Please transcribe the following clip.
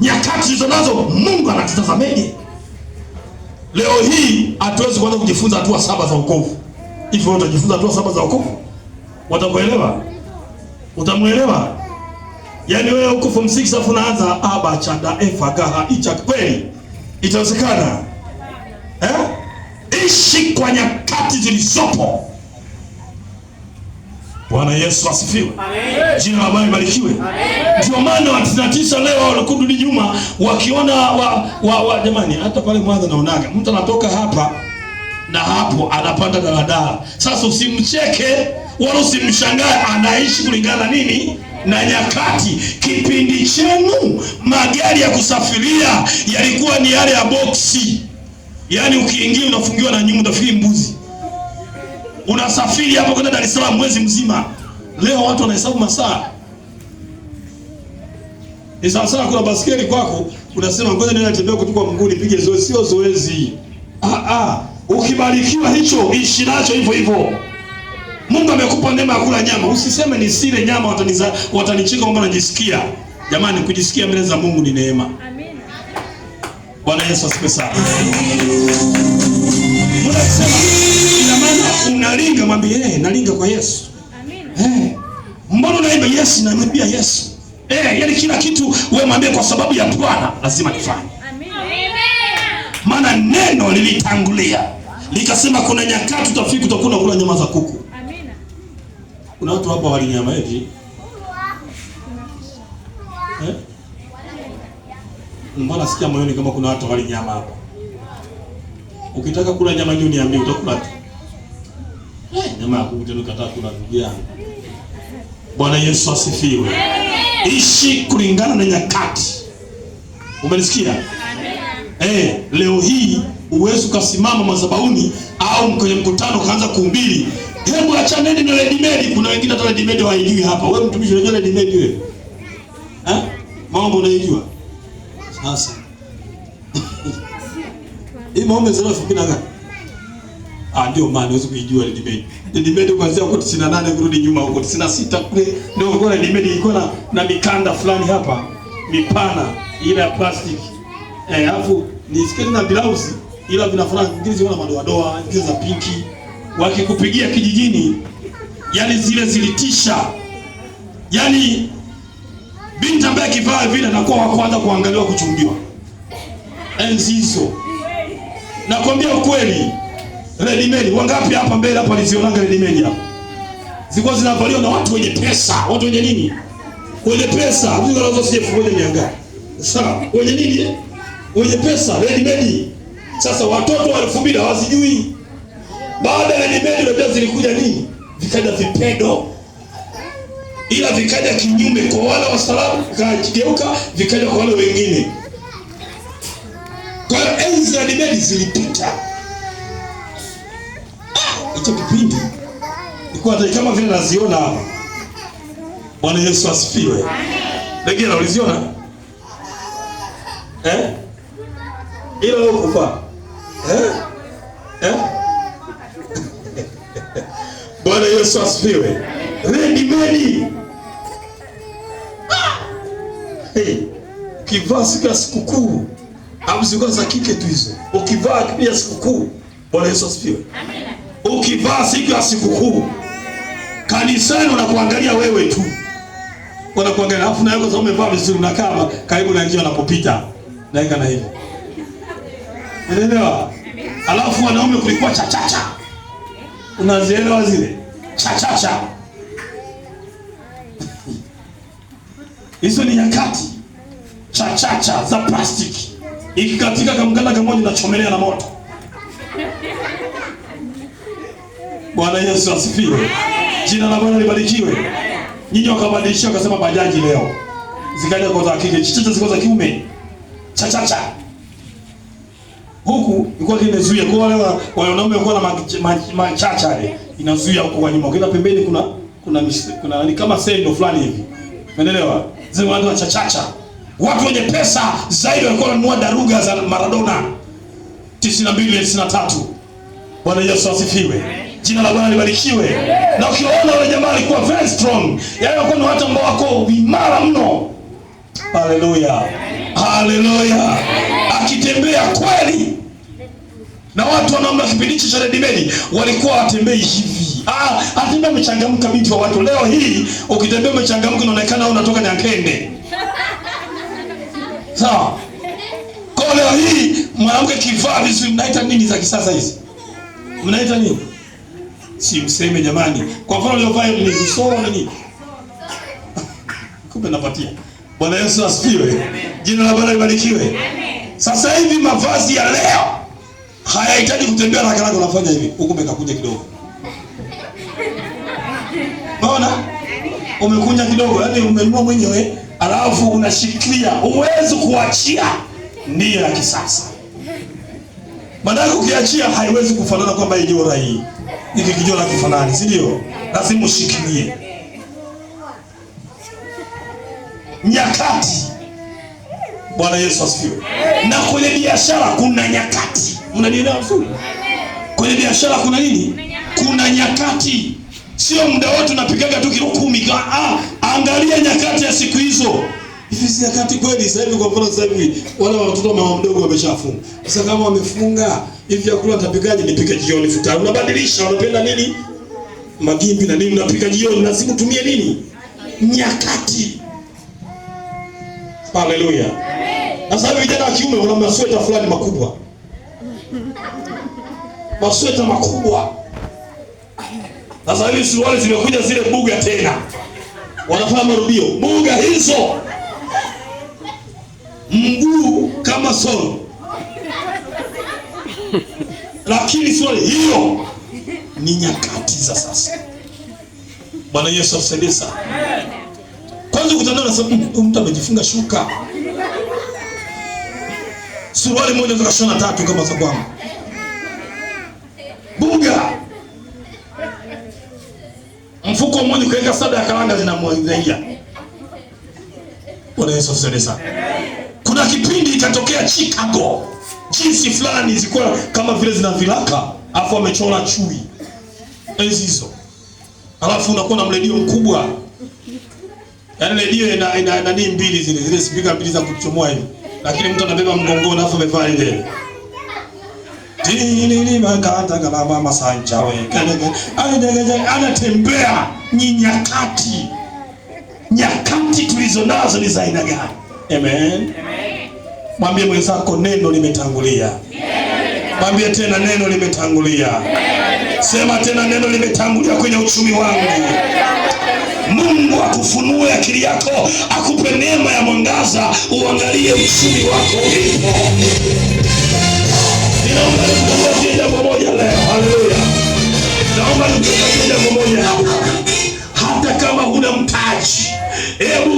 nyakati tulizo nazo Mungu anatutazameje? Leo hii hatuwezi kuanza kujifunza hatua saba za wokovu. Hivi wewe utajifunza hatua saba za wokovu? Watakuelewa? Utamuelewa? Yaani wewe huko form 6 afu unaanza aba chada efa gaha icha kweli. Itawezekana? Eh? Ishi kwa nyakati zilizopo. Bwana Yesu asifiwe, jina la Bwana libarikiwe. Ndio maana watu tisa leo walikurudi nyuma wakiona wa, wa, wa, jamani, hata pale mwanzo naonaga mtu anatoka hapa na hapo anapanda daladala. Sasa usimcheke wala usimshangae, anaishi kulingana nini na nyakati. Kipindi chenu magari ya kusafiria yalikuwa ni yale ya boksi, yaani ukiingia unafungiwa na nyuma, utafikiri mbuzi unasafiri hapo kwenda Dar es Salaam mwezi mzima. Leo watu wanahesabu masaa. Ni sawa sawa, kuna basikeli kwako, unasema ngoja nenda tembea kutoka mguu nipige zoezi. Sio zoezi. Ah, ah. Ukibarikiwa hicho ishi nacho hivyo hivyo. Mungu amekupa neema ya kula nyama, usiseme ni sile nyama, wataniza watanichika kwamba najisikia. Jamani, kujisikia mbele za Mungu ni neema. Amina. Bwana Yesu asifiwe sana unaweza kusema ina maana unalinga, mwambie yeye, eh, nalinga kwa Yesu. Amina. Eh, mbona unaimba Yesu na mwambia Yesu? Eh, yani kila kitu wewe mwambie kwa sababu ya Bwana lazima nifanye. Amina. Maana neno lilitangulia. Likasema kuna nyakati utafika utakula kula nyama za kuku. Amina. Kuna watu hapa wali nyama hivi. Eh, eh? Mbona sikia moyoni kama kuna watu wali nyama hapa? Ukitaka kula nyama juu niambie utakula tu. Eh, nyama ya kuku tena kataa kula ndugu yangu. Bwana Yesu asifiwe. Ishi kulingana na nyakati. Umenisikia? Eh, leo hii uwezo kasimama madhabahuni au kwenye mkutano kaanza kuhubiri. Hebu achaneni na Lady Mary. Kuna wengine hata Lady Mary hawaijui hapa. Wewe mtumishi unajua Lady Mary wewe? Eh? Mambo unaijua? Sasa hii maombi zero elfu mbili na ngapi? Ah, ndio maana unaweza kuijua ile debate. Ile debate kuanzia huko 98 kurudi nyuma huko 96 kule ndio ilikuwa ile debate ilikuwa na, na mikanda fulani hapa mipana ile ya plastic. Eh, alafu ni sketi na blouse ila vinafanana vingine zina madoa doa, zingine za pinki. Wakikupigia kijijini yani zile zilitisha. Yaani binti ambaye kivaa vile anakuwa wa kwanza kuangaliwa kuchumbiwa. Enzi hizo Nakwambia ukweli, ready Mary wangapi hapa mbele hapa nilizionanga ready Mary hapa. Zilikuwa zinavaliwa na watu wenye pesa, watu wenye nini? Wenye pesa, mzigo nazo sije elfu moja mia ngapi. Sawa, wenye nini? Wenye pesa, ready Mary. Sasa watoto wa elfu hawazijui. Baada ya Red Mary ndio zilikuja nini? Vikaja vipedo. Ila vikaja kinyume kwa wale wa salamu, vikageuka, vikaja kwa wale wengine. Kwa hiyo enzi za dibeti zilipita. Ah, hicho kipindi nilikuwa kama vile naziona hapa. Bwana Yesu asifiwe. Amen. Wengine uliziona? Eh? Ila kwa. Eh? Eh? Bwana Yesu asifiwe. Ready made. Ah! Hey, Kivasi siku sikukuu au zilikuwa za kike tu hizo. Ukivaa pia sikukuu, Bwana Yesu asifiwe. Amina. Ukivaa siku ya sikukuu kanisani wanakuangalia wewe tu. Wanakuangalia afu na yako za umevaa vizuri na kama karibu na njia wanapopita. Naika na hivi. Unaelewa? Alafu wanaume kulikuwa cha cha cha. Unazielewa zile? Cha cha cha. Hizo ni nyakati cha cha cha za plastiki ikikatika kamganda kamoja nachomelea na moto. Bwana Yesu asifiwe, jina la Bwana libarikiwe. Nyinyi wakabadilishia wakasema bajaji leo zikaja kwa za kike, chichacha ziko za kiume, chachacha huku ilikuwa kimezuia kwa wale wanaume walikuwa na machacha ile inazuia huko kwa nyuma, kila pembeni kuna kuna kuna ni kama sendo fulani hivi, umeelewa? Zile watu cha. Watu wenye pesa zaidi walikuwa wanunua daruga za Maradona 92 93. Bwana Yesu asifiwe. Jina la Bwana libarikiwe. Na ukiwaona wale jamaa walikuwa very strong. Yaani walikuwa ni watu ambao wako imara mno. Haleluya. Haleluya. Akitembea kweli. Na watu wanaomba kipindi hicho cha Redimeni walikuwa watembei hivi. Ah, atembea mchangamka, binti wa watu. Leo hii ukitembea mchangamka, unaonekana unatoka Nyakende sawa. Kwa leo hii mwanamke kivaa vizuri, mnaita nini za kisasa hizi? Mnaita nini? Si mseme jamani, kwa mfano leo vaa ni visoro nini, kumbe napatia. Bwana Yesu asifiwe, jina la Bwana libarikiwe. Amen. Sasa hivi mavazi ya leo hayahitaji kutembea na kalaka, unafanya hivi ukumbe kakuja kidogo, umeona umekunja kidogo, yaani umenunua mwenyewe alafu unashikilia, huwezi kuachia nia ya kisasa. Maanake ukiachia haiwezi kufanana kwamba ijora hii iki kijora kifanani, si ndio? Lazima ushikilie. Nyakati. Bwana Yesu asifiwe. Na kwenye biashara kuna nyakati, mnanielewa vizuri? Kwenye biashara kuna nini? Kuna nyakati, sio muda wote unapigaga tu kilo kumi. Ah, Angalia nyakati ya siku hizo. Hivi si nyakati kweli sasa hivi, kwa mfano sasa hivi wale watoto mama mdogo wameshafunga. Sasa kama wamefunga, hivi vyakula tapikaje? Nipike jioni futa. Unabadilisha, unapenda nini? Magimbi na nini unapika jioni na siku tumie nini? Nyakati. Haleluya. Amen. Sasa hivi vijana wa kiume wana masweta fulani makubwa. Masweta makubwa. Sasa hivi suruali zimekuja zile buga tena wanafanya marudio mbuga hizo mguu kama soro lakini sio hiyo. Ni nyakati za sasa. Bwana Yesu atusaidie sana. Kwanza ukutana na mtu amejifunga shuka suruali moja, tukashona tatu kama za kwangu buga mkiweka sadaka wanga zinamwaingia. Bwana Yesu asifiwe sana. Kuna kipindi itatokea Chicago, jinsi fulani zilikuwa kama vile zina vilaka, afu wamechora chui enzi hizo, alafu unakuwa na mredio mkubwa, yaani redio ina ina nani mbili zile zile spika mbili za kuchomoa hivi, lakini mtu anabeba mgongoni, afu amevaa ile Tini ni makata kala mama sanchawe anatembea ni nyakati. Nyakati tulizo nazo ni za aina gani? Amen, amen. Mwambie mwenzako neno limetangulia. Mwambie tena neno limetangulia. Sema tena neno limetangulia kwenye uchumi wangu. Mungu akufunue akili yako, akupe neema ya mwangaza, uangalie uchumi wako ulipo. Ninaomba nikuambie moja leo. Haleluya naomba nikusaidie moja hapa, hata kama huna mtaji, hebu